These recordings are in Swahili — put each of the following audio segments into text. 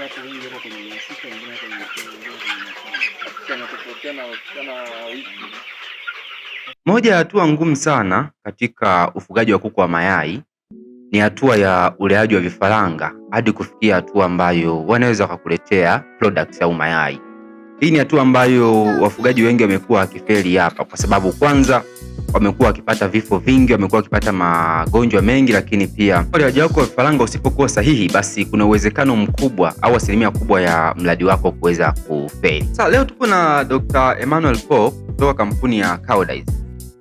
watu wengi wako kwenye mia sita wengine wako kwenye moja ya hatua ngumu sana katika ufugaji wa kuku wa mayai ni hatua ya uleaji wa vifaranga hadi kufikia hatua ambayo wanaweza wakakuletea products au mayai. Hii ni hatua ambayo wafugaji wengi wamekuwa wakifeli hapa, kwa sababu kwanza wamekuwa wakipata vifo vingi, wamekuwa wakipata magonjwa mengi, lakini pia uliaji wako wa vifaranga usipokuwa sahihi, basi kuna uwezekano mkubwa au asilimia kubwa ya mradi wako kuweza kufeli. leo tuko na Dr. Emmanuel po kutoka kampuni ya Koudijs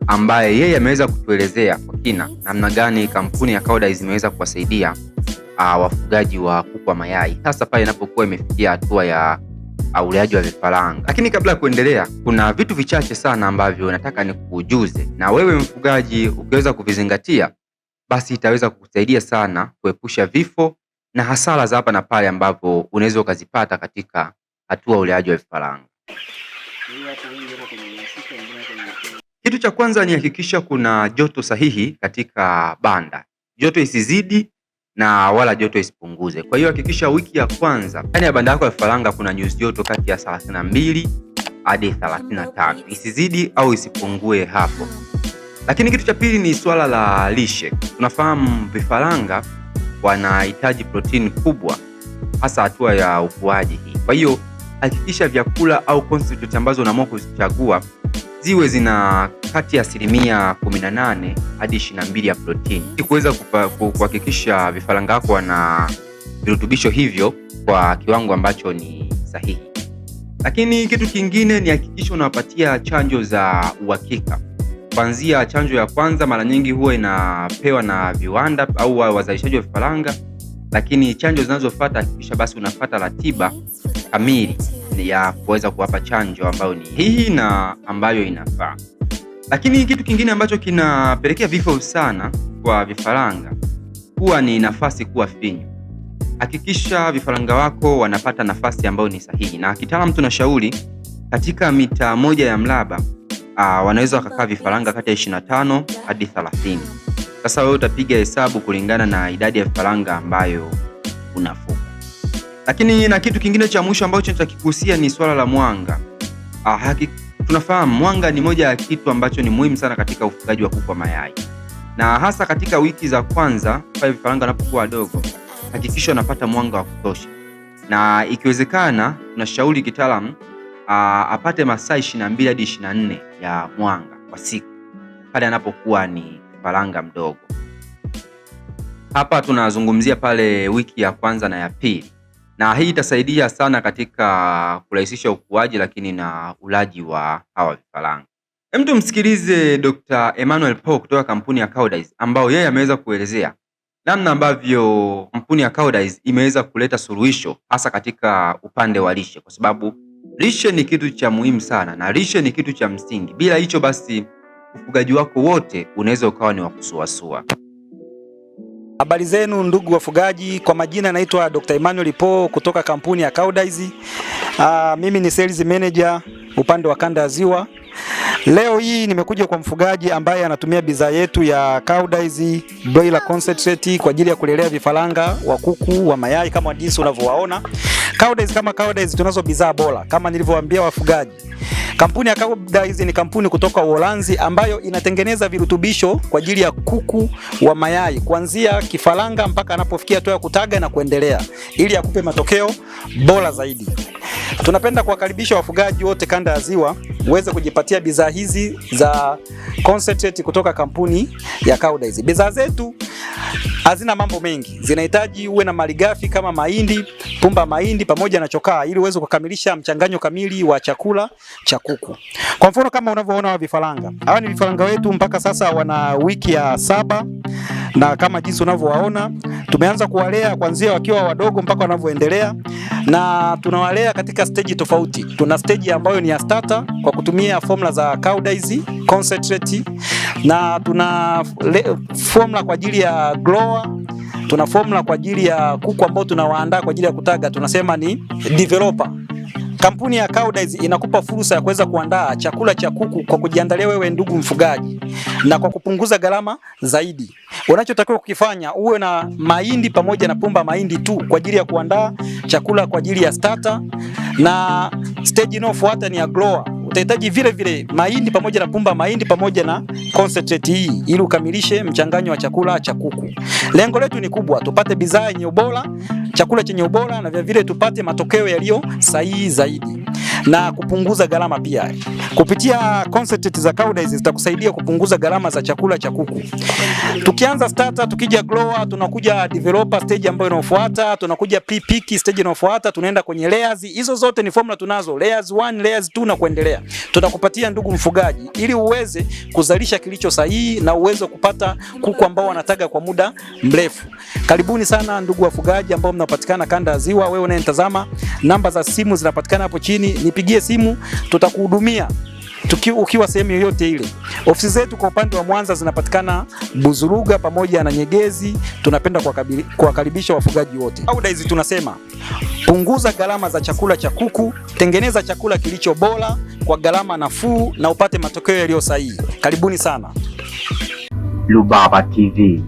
ambaye yeye ameweza kutuelezea kwa kina namna gani kampuni ya imeweza kuwasaidia uh, wafugaji wa kuku wa mayai hasa pale inapokuwa imefikia hatua ya au uleaji wa vifaranga. Lakini kabla ya kuendelea, kuna vitu vichache sana ambavyo nataka nikujuze, na wewe mfugaji ukiweza kuvizingatia, basi itaweza kukusaidia sana kuepusha vifo na hasara za hapa na pale ambapo unaweza ukazipata katika hatua uleaji wa vifaranga. Kitu cha kwanza ni hakikisha kuna joto sahihi katika banda, joto isizidi na wala joto isipunguze. Kwa hiyo hakikisha wiki ya kwanza ndani ya banda yako ya vifaranga kuna nyuzi joto kati ya 32 hadi 35, isizidi au isipungue hapo. Lakini kitu cha pili ni swala la lishe. Tunafahamu vifaranga wanahitaji protini kubwa, hasa hatua ya ukuaji hii. Kwa hiyo hakikisha vyakula au concentrate ambazo unaamua kuzichagua ziwe zina kati ya asilimia 18 hadi 22 ya protini ili kuweza kuhakikisha vifaranga wako wana virutubisho hivyo kwa kiwango ambacho ni sahihi. Lakini kitu kingine ni hakikisha unawapatia chanjo za uhakika. Kuanzia chanjo ya kwanza mara nyingi huwa inapewa na viwanda au wazalishaji wa vifaranga, lakini chanjo zinazofuata hakikisha basi unafata ratiba kamili ya kuweza kuwapa chanjo ambayo ni hii na ambayo inafaa. Lakini kitu kingine ambacho kinapelekea vifo sana kwa vifaranga huwa ni nafasi kuwa finyu. Hakikisha vifaranga wako wanapata nafasi ambayo ni sahihi, na kitaalamu tunashauri katika mita moja ya mraba uh, wanaweza wakakaa vifaranga kati ya 25 hadi 30. Sasa wewe utapiga hesabu kulingana na idadi ya vifaranga ambayo unafaa. Lakini na kitu kingine cha mwisho ambacho nitakigusia ni swala la mwanga. Ah, haki, tunafahamu mwanga ni moja ya kitu ambacho ni muhimu sana katika ufugaji wa kuku wa mayai, na hasa katika wiki za kwanza pale vifaranga wanapokuwa wadogo, hakikisha wanapata mwanga wa kutosha, na ikiwezekana tunashauri kitaalamu ah, apate masaa mbili hadi nne ya mwanga kwa siku pale anapokuwa ni kifaranga mdogo. Hapa tunazungumzia pale wiki ya kwanza na ya pili na hii itasaidia sana katika kurahisisha ukuaji lakini na ulaji wa hawa vifaranga. Hem, tumsikilize Dr. Emmanuel Paul kutoka kampuni ya Koudijs ambao yeye ameweza kuelezea namna ambavyo kampuni ya Koudijs imeweza kuleta suluhisho hasa katika upande wa lishe, kwa sababu lishe ni kitu cha muhimu sana na lishe ni kitu cha msingi. Bila hicho basi ufugaji wako wote unaweza ukawa ni wa kusuasua. Habari zenu ndugu wafugaji, kwa majina naitwa Dr. Emmanuel Po kutoka kampuni ya Koudijs. Ah, mimi ni sales manager upande wa kanda ya Ziwa. Leo hii nimekuja kwa mfugaji ambaye anatumia bidhaa yetu ya Koudijs broiler concentrate kwa ajili ya kulelea vifaranga wa kuku wa mayai kama jinsi unavyowaona. Koudijs kama Koudijs tunazo bidhaa bora kama nilivyowaambia wafugaji Kampuni ya Carbodyse ni kampuni kutoka Uholanzi ambayo inatengeneza virutubisho kwa ajili ya kuku wa mayai kuanzia kifaranga mpaka anapofikia hatua ya kutaga na kuendelea, ili akupe matokeo bora zaidi. Tunapenda kuwakaribisha wafugaji wote kanda ya Ziwa uweze kujipatia bidhaa hizi za concentrate kutoka kampuni ya Carbodyse. Bidhaa zetu hazina mambo mengi, zinahitaji uwe na malighafi kama mahindi, pumba mahindi pamoja na chokaa, ili uweze kukamilisha mchanganyo kamili wa chakula cha kuku. Kwa mfano kama unavyoona wa vifaranga hawa, ni vifaranga wetu mpaka sasa wana wiki ya saba, na kama jinsi unavyowaona tumeanza kuwalea kuanzia wakiwa wadogo mpaka wanavyoendelea, na tunawalea katika stage tofauti. Tuna stage ambayo ni ya starter kwa kutumia formula za cow disease concentrate na tuna formula kwa ajili ya grower, tuna formula kwa ajili ya kuku ambao tunawaandaa kwa ajili ya kutaga, tunasema ni developer. Kampuni ya Koudijs inakupa fursa ya kuweza kuandaa chakula cha kuku kwa kujiandalia wewe ndugu mfugaji, na kwa kupunguza gharama zaidi. Unachotakiwa kukifanya uwe na mahindi pamoja na pumba mahindi tu kwa ajili ya kuandaa chakula kwa ajili ya starter, na stage inayofuata ni ya grower utahitaji vile vile mahindi pamoja na pumba mahindi pamoja na concentrate hii ili ukamilishe mchanganyo wa chakula cha kuku. Lengo letu ni kubwa, tupate bidhaa yenye ubora, chakula chenye ubora na vile vile tupate matokeo yaliyo sahihi zaidi na kupunguza gharama pia. Kupitia concentrate za cow dyes zitakusaidia kupunguza gharama za chakula cha kuku. Tukianza starter, tukija grower, tunakuja developer stage ambayo inaofuata, tunakuja pre pick stage inaofuata, tunaenda kwenye layers. Hizo zote ni formula tunazo, layers 1, layers 2 na kuendelea. Tutakupatia ndugu mfugaji, ili uweze kuzalisha kilicho sahihi na uweze kupata kuku ambao wanataga kwa muda mrefu. Karibuni sana ndugu wafugaji ambao mnapatikana kanda ya Ziwa. Wewe unayetazama, namba za simu zinapatikana hapo chini, nipigie simu, tutakuhudumia tuki, ukiwa sehemu yoyote ile. Ofisi zetu kwa upande wa Mwanza zinapatikana Buzuruga pamoja na Nyegezi. Tunapenda kuwakaribisha wafugaji wote. Audaisi tunasema punguza gharama za chakula cha kuku, tengeneza chakula kilicho bora kwa gharama nafuu na upate matokeo yaliyo sahihi. Karibuni sana Lubaba TV.